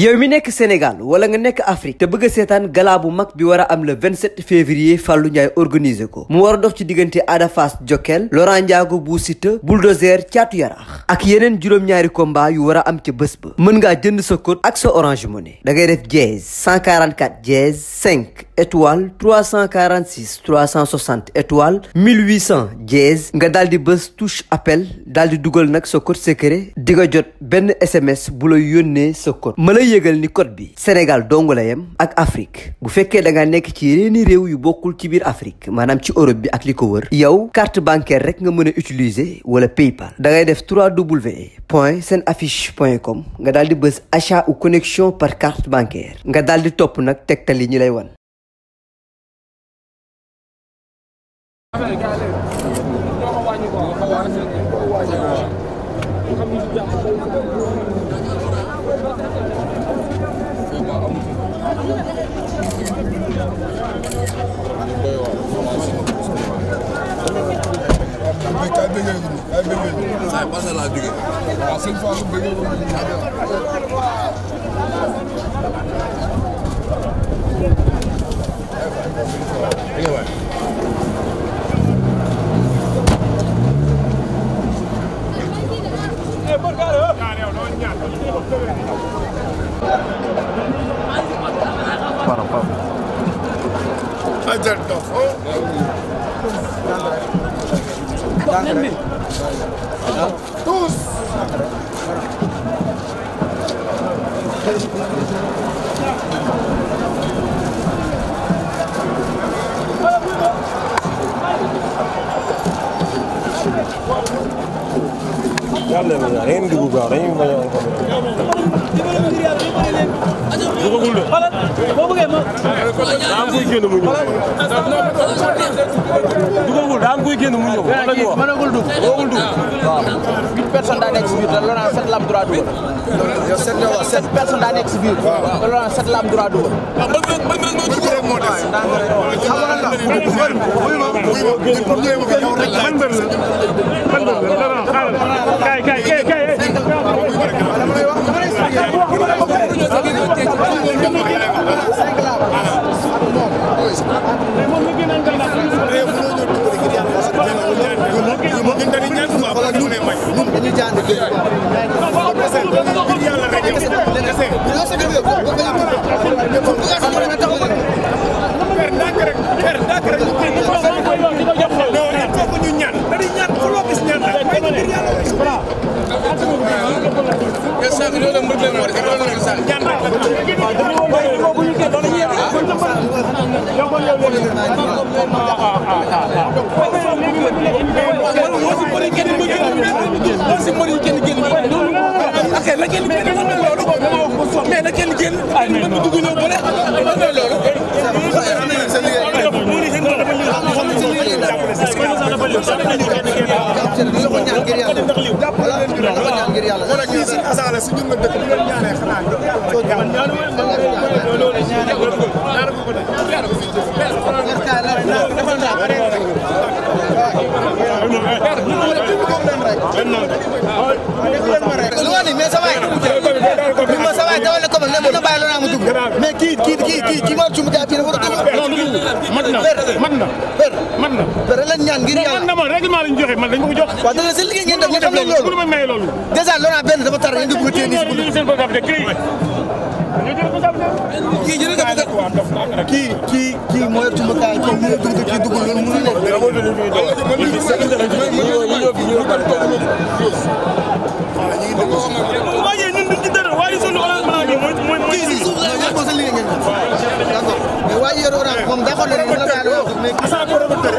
yow mi nekk Sénégal wala nga nekk Afrique te bëgg seetaan gala bu mag bi war a am le 27 février Fallou Ndiaye organisé ko mu war a dox ci diggante Ada Fass Jokkel Laurent Ndiago bu Siteu Caatu Yaraax ak yeneen juróom-ñaari combat yu war a am ca bés ba mën ngaa jënd sa code ak sa Orange Money da ngay def dièse 144 dièse 5 étoile 346 360 étoile 1800 dièse nga daal di bës touche appel daal di dugal nag sa code secret di nga jot benn SMS bu la yónnee sa code ma lay yëgal ni code bi Sénégal dong la yem ak Afrique bu fekkee da nga nekk ci yeneen réew yu bokkul ci biir Afrique maanaam ci Europe bi ak li ko wër yow carte bancaire rek nga mën a utiliser wala PayPal dangay ngay def 3W point seen affiche point com nga daal di bës achat ou connexion par carte bancaire nga daal di topp nag tegtal yi ñu lay wan waaw sëñ Fallou bëgg Acil dox. tous. yàlla na yàlla ngeen dugg bu baax dañuy bañ a encore. yi génn mu ñëw. dugagul mu ñëw. wax dëgg wax mënagul dugg mënagul dugg. waaw huit personnes la am droit dugal. yow sept la waaw sept personnes daa nekk si biir. waaw te Laurent sept la am droit dugal. waaw man man man man dugg dama ñaan ngir yàlla jàppale leen ngir dama ñaan ngir yàlla wala kii suñu asaala si ñun nga dëkk bu leen ñaanee xanaa ñaan ñaanu loolu ñaanee ko ñaanu ko def ñaanu ko def defal na pare leen rek lu wani mais sa waay nga dugg mais kii kii kii kii ma suma gaa bi dafa war a dugg. non dugg mat na mat na per mat na. per lan ñaan ngir yàlla man na ma règlement lañ joxe man dañ ko jox. waaw dana seen liggéey ngeen def ngeen xam leen loolu ma maye loolu. dèjà Laurent benn dafa tar ngeen dugg tey nii kii kii kii mooy suma gaa kii mu ngi dugg kii dugg loolu mënul Assane Promoteur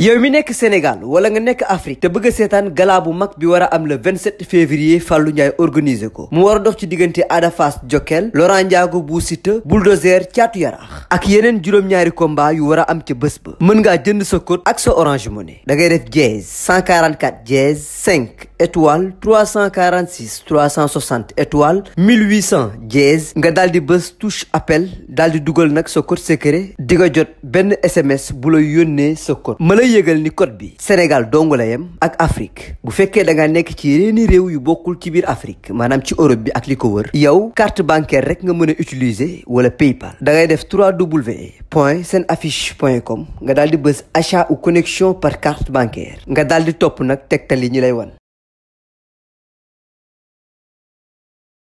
yow mi nekk Sénégal wala nga nekk Afrique te bëgg a seetaan galaa bu mag bi war a am le 27 février Fallou Ndiaye organisé ko mu war a dox ci diggante Ada Fass Jokkel Laurent Ndiago bu Siteu Bulldozer Caatu Yaraax ak yeneen juróom-ñaari combat yu war a am ca bés ba mën ngaa jënd sa code ak sa Orange Money da ngay def dièse 144 dièse 5 étoile 346 360 étoile 1800 dièse nga daal di bés touche appel daal di dugal nag sa code secret di nga jot benn SMS bu la yónnee sa code lay yëgal ni code bi Sénégal dong la yem ak Afrique bu fekkee da nga nekk ci yeneeni réew yu bokkul ci biir Afrique maanaam ci Europe bi ak li ko wër yow carte bancaire rek nga mën a utiliser wala Paypal dangay ngay def 3w point seen affiche point comme nga daal di bës achat ou connexion par carte bancaire nga daal di topp nag tegtal yi ñu lay wan